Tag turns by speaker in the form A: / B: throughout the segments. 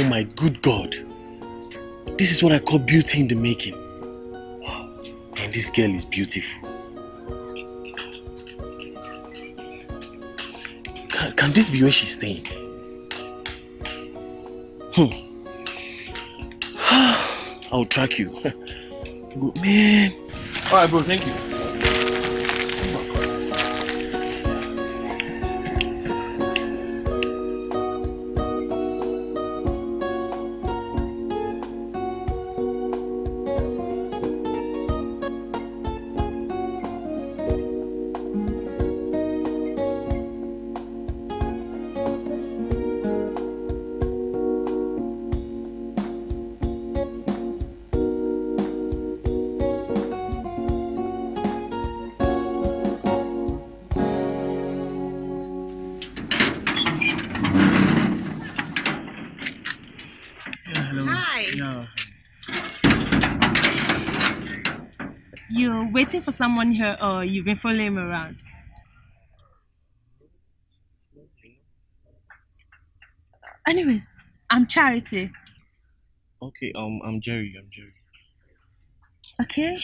A: Oh my good God. This is what I call beauty in the making. Wow. And this girl is beautiful. Can, can this be where she's staying? Hmm. I'll track you.
B: Man. Alright, bro, thank you. waiting for someone here or you've been following him around? Anyways, I'm Charity. Okay,
A: um, I'm Jerry. I'm Jerry. Okay.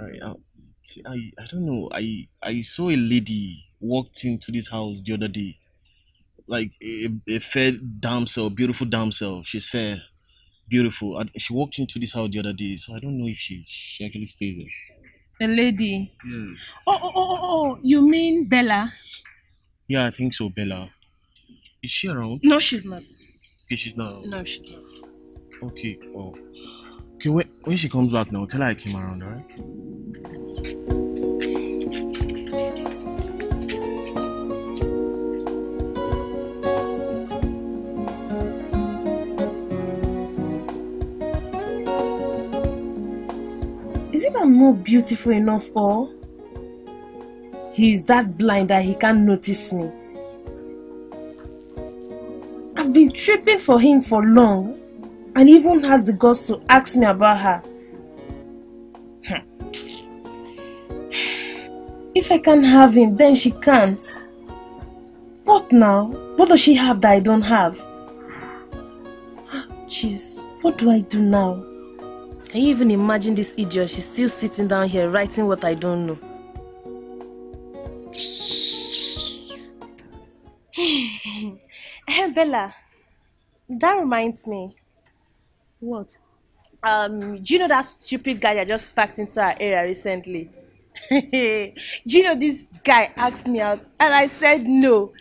A: All right. Um, see, I I don't know. I I saw a lady walked into this house the other day, like a, a fair damsel, beautiful damsel. She's fair beautiful. And she walked into this house the other day, so I don't know if she, she actually stays there.
B: The lady. Yes. Hmm. Oh, oh, oh, oh, oh, you mean Bella?
A: Yeah, I think so, Bella. Is she around? No, she's not. Okay, she's not. Around.
B: No, she's not.
A: Okay. Oh. Okay. When when she comes back now, tell her I came around, alright?
B: not beautiful enough or he is that blind that he can't notice me. I've been tripping for him for long and even has the guts to ask me about her. Hmm. if I can't have him, then she can't. What now? What does she have that I don't have? Ah, jeez, what do I do now? Can you even imagine this idiot? She's still sitting down here writing what I don't know. Eh, Bella, that reminds me. What? Um, do you know that stupid guy that just packed into our area recently? do you know this guy asked me out and I said no.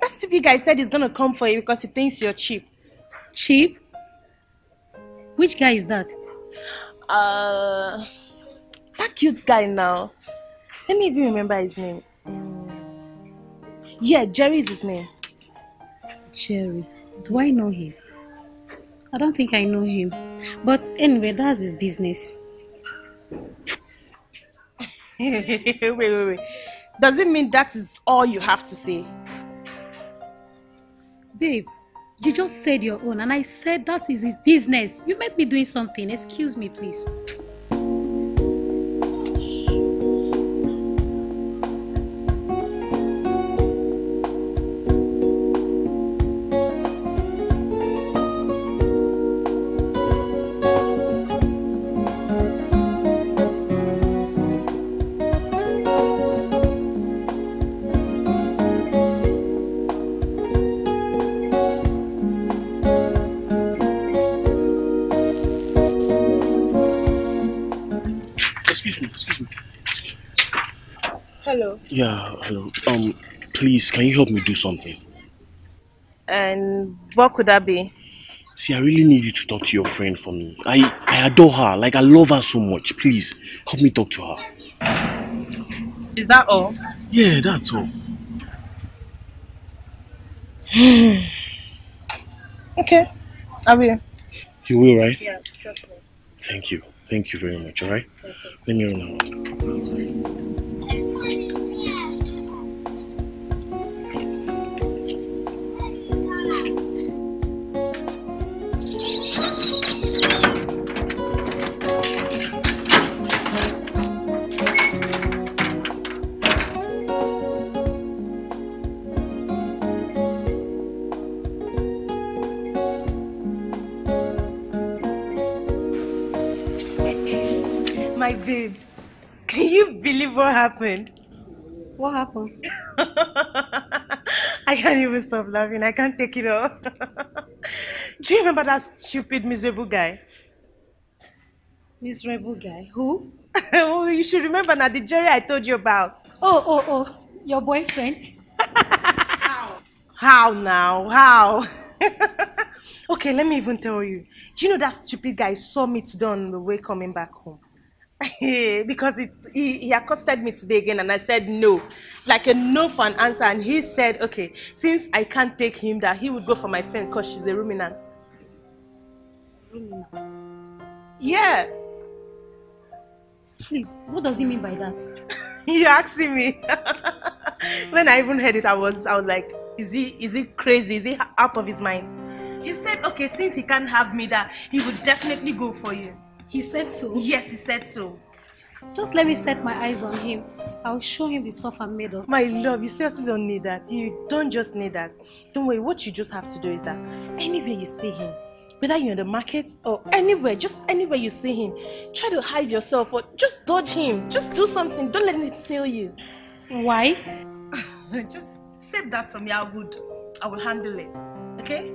B: That stupid guy said he's gonna come for you because he thinks you're cheap. Cheap? Which guy is that? Uh, that cute guy now. Let me even remember his name. Yeah, Jerry is his name. Jerry. Do I
C: know him? I don't think I know him. But anyway, that's his business.
B: wait, wait, wait. Does it mean that is all you have to say? Babe, You just
C: said your own, and I said that is his business. You might me doing something. Excuse me, please.
A: excuse me, excuse me. Hello. Yeah, hello. Um, please, can you help me do something?
B: And what could that be?
A: See, I really need you to talk to your friend for me. I, I adore her. Like, I love her so much. Please, help me talk to her. Is that all? Yeah, that's all.
B: okay, I will. You will, right? Yeah,
C: trust me.
A: Thank you. Thank you very much. All right. Let me
B: my babe. Can you believe what happened? What happened? I can't even stop laughing. I can't take it all. Do you remember that stupid, miserable guy? Miserable guy? Who? Oh, you should remember now the jury I told you about. Oh, oh, oh. Your boyfriend? How? How now? How? okay, let me even tell you. Do you know that stupid guy saw me today on the way coming back home? because it, he, he accosted me today again and I said no, like a no for an answer. And he said, okay, since I can't take him, that he would go for my friend because she's a ruminant. Ruminant? Yeah. Please, what does he mean by that? You're asking me. when I even heard it, I was, I was like, is he, is he crazy? Is he out of his mind? He said, okay, since he can't have me, that he would definitely go for you. He said so? Yes, he said so. Just let me set my eyes on him. I'll show him the stuff I'm made of. My love, you seriously don't need that. You don't just need that. Don't worry, what you just have to do is that anywhere you see him, whether you're in the market or anywhere, just anywhere you see him, try to hide yourself or just dodge him. Just do something. Don't let him tell you. Why? just save that for me. I would, I will handle it. Okay?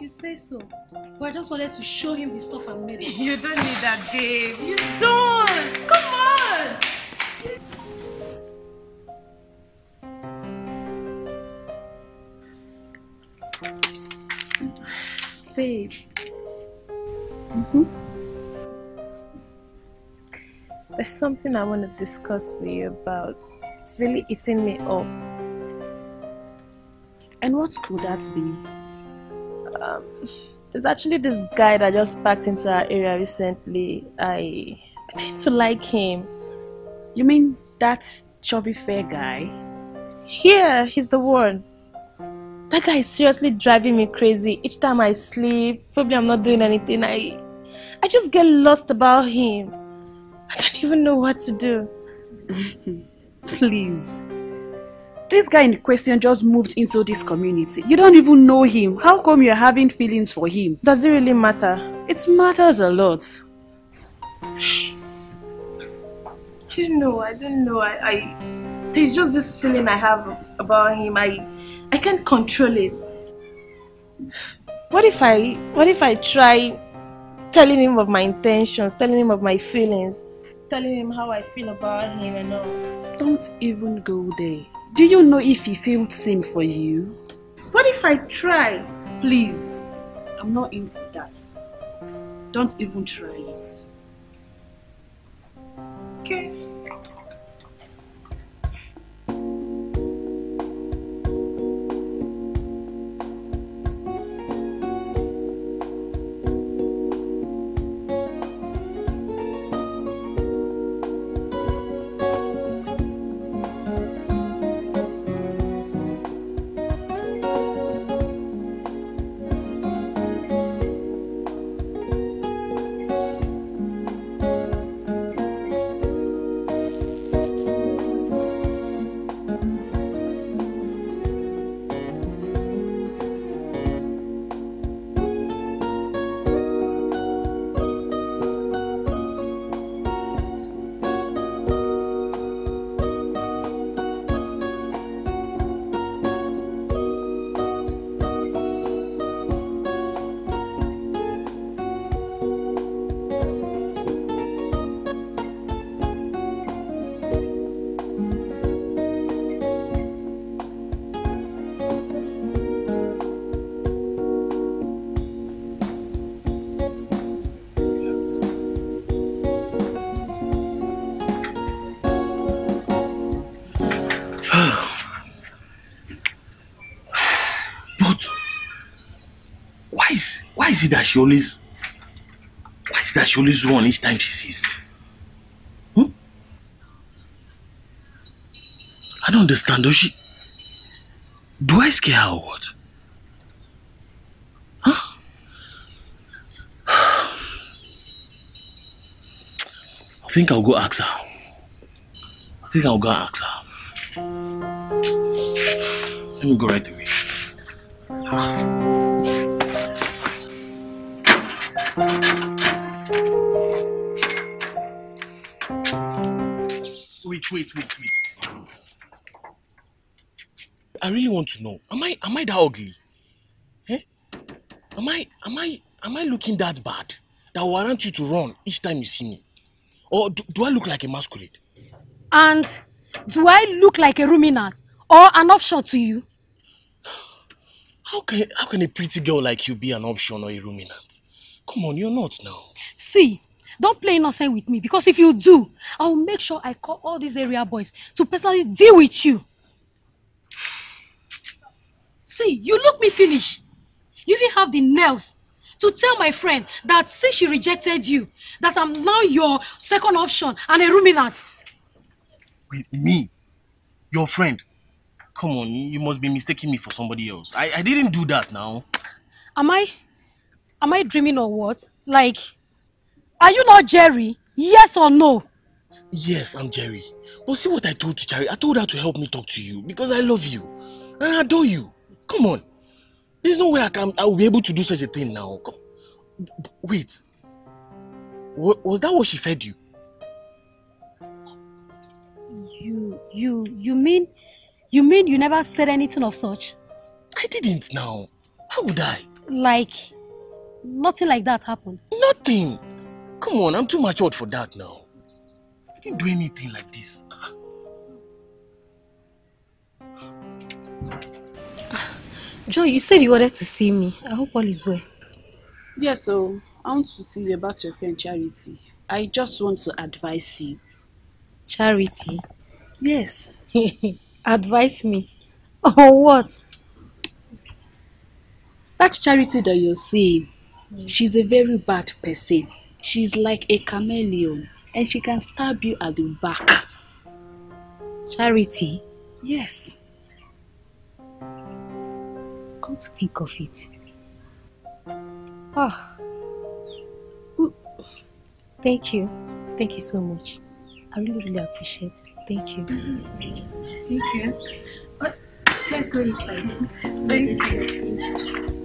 C: you say so. But I just wanted to show him the stuff I made. you don't need
B: that, babe. You don't. Come on. Babe. Mm -hmm. There's something I want to discuss with you about. It's really eating me up. And what could that be? there's actually this guy that just packed into our area recently. I I need to like him. You mean that chubby fair guy? Yeah, he's the one. That guy is seriously driving me crazy. Each time I sleep, probably I'm not doing anything. I I just get lost about him. I don't even know what to do. Please, this guy in question just moved into this community. You don't even know him. How come you're having feelings for him? Does it really matter? It matters a lot. Shh. You know. I don't know. I, I there's just this feeling I have about him. I I can't control it. What if I what if I try telling him of my intentions, telling him of my feelings, telling him how I feel about him and all? Don't even go there. Do you know if he feels same for you? What if I try? Please, I'm not in for that. Don't even try it. Okay.
A: is it that she always why is it that she always run each time she sees me? Hmm? I don't understand. Does she do I scare her or what?
C: Huh? I
A: think I'll go ask her. I think I'll go ask her. Let me go right away. Ah. Wait, wait, wait, wait. I really want to know. Am I am I that ugly? Eh? Am I am I am I looking that bad that warrant you to run each time you see me? Or do, do I look like a masquerade?
C: And do I look like a ruminant or an option to you? How can how can a
A: pretty girl like you be an option or a ruminant?
C: Come on, you're not now. See, don't play innocent with me because if you do, I will make sure I call all these area boys to personally deal with you. See, you look me finish. You will have the nerves to tell my friend that since she rejected you, that I'm now your second option and a ruminant.
A: With me? Your friend? Come on, you must be mistaking me for somebody else. I, I didn't do that now.
C: Am I? Am I dreaming or what? Like, are you not Jerry? Yes or no?
A: Yes, I'm Jerry. But see what I told to Jerry? I told her to help me talk to you because I love you. I adore you. Come on. There's no way I can I will be able to do such a thing now. Come. Wait. Was that what she fed you?
B: You you
C: you mean you mean you never said anything of such? I
A: didn't now.
C: How would I? Like nothing like that happened.
A: Nothing? Come on, I'm too matured for that now. I didn't do anything like this. Ah.
C: Joy, you said you wanted to see me. I hope all is well.
B: Yes, yeah, so I want to see you about your friend Charity. I just want to advise you.
C: Charity? Yes. advise me? Or what?
B: That charity that you're seeing, She's a very bad person. She's like a chameleon and she can stab you at the back. Charity? Yes.
C: Come to think of it. Ah. Oh. Thank you. Thank you so much. I really, really appreciate it. Thank you. Mm-hmm. Thank you. Let's go inside. Thank you.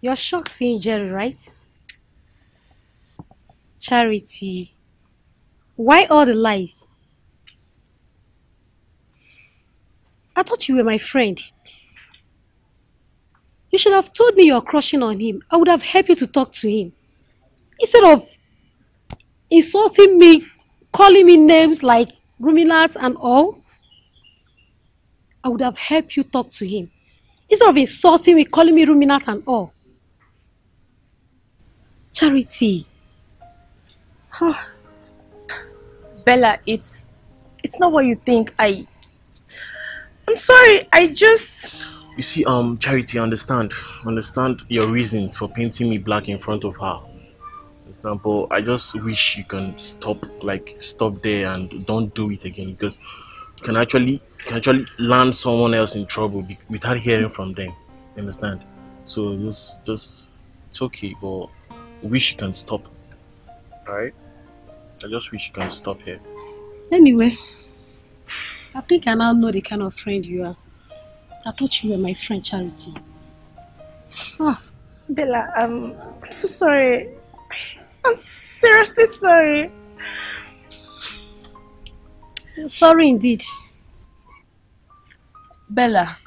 C: You're shocked seeing Jerry, right? Charity, why all the lies? I thought you were my friend. You should have told me you're crushing on him. I would have helped you to talk to him. Instead of insulting me, calling me names like RumiNat and all, I would have helped you talk to him. Instead of insulting me, calling me ruminant and all. Charity.
B: Oh. Bella, it's it's not what you think. I I'm sorry. I just
A: You see, um, Charity, understand. Understand your reasons for painting me black in front of her. Understand, but I just wish you can stop like stop there and don't do it again because you can actually you can actually land someone else in trouble without hearing from them. understand? So just just it's okay, but wish you can stop. Alright? I just wish you can stop here.
C: Anyway, I think I now know the kind of friend you are. I thought you were my friend,
B: Charity. Oh. Bella, I'm so sorry. I'm seriously sorry. Sorry indeed. Bella,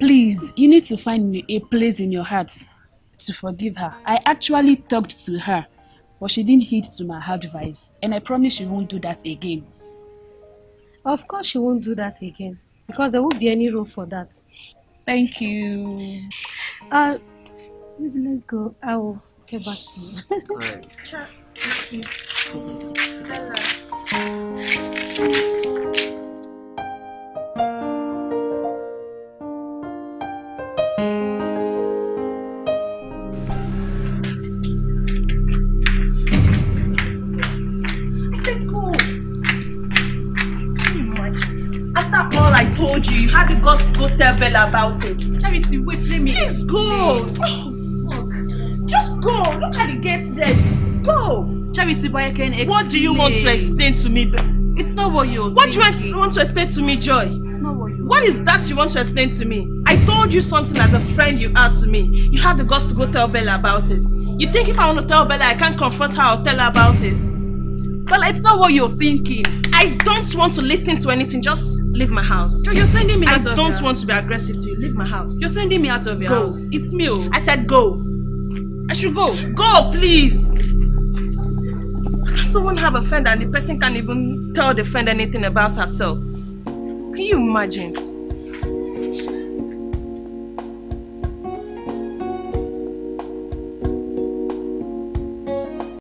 B: please, you need to find a place in your heart to forgive her. I actually talked to her, but she didn't heed to my advice, and I promise she won't do that again.
C: Of course she won't do that again, because there won't be any room for that. Thank you. Uh, maybe let's go. I will get back to you.
B: All right. Sure. Thank you. Toji, you had the guts to go tell Bella about it. Charity, wait, let me. Please go. Oh, fuck. Just go. Look at the gates there. Go. Charity, Boy, I can explain. What do you want to explain to me? It's not what you What thinking. do you want to explain to me, Joy? It's not what you What is that you want to explain to me? I told you something as a friend you are to me. You had the guts to go tell Bella about it. You think if I want to tell Bella, I can't confront her or tell her about it? Well, it's not what you're thinking. I don't want to listen to anything. Just leave my house. You're sending me out I don't want to be aggressive to you. Leave my house. You're sending me out of your go. house. It's me. Oh. I said go. I should go. Go, please. Can someone have a friend and the person can't even tell the friend anything about herself? Can you imagine?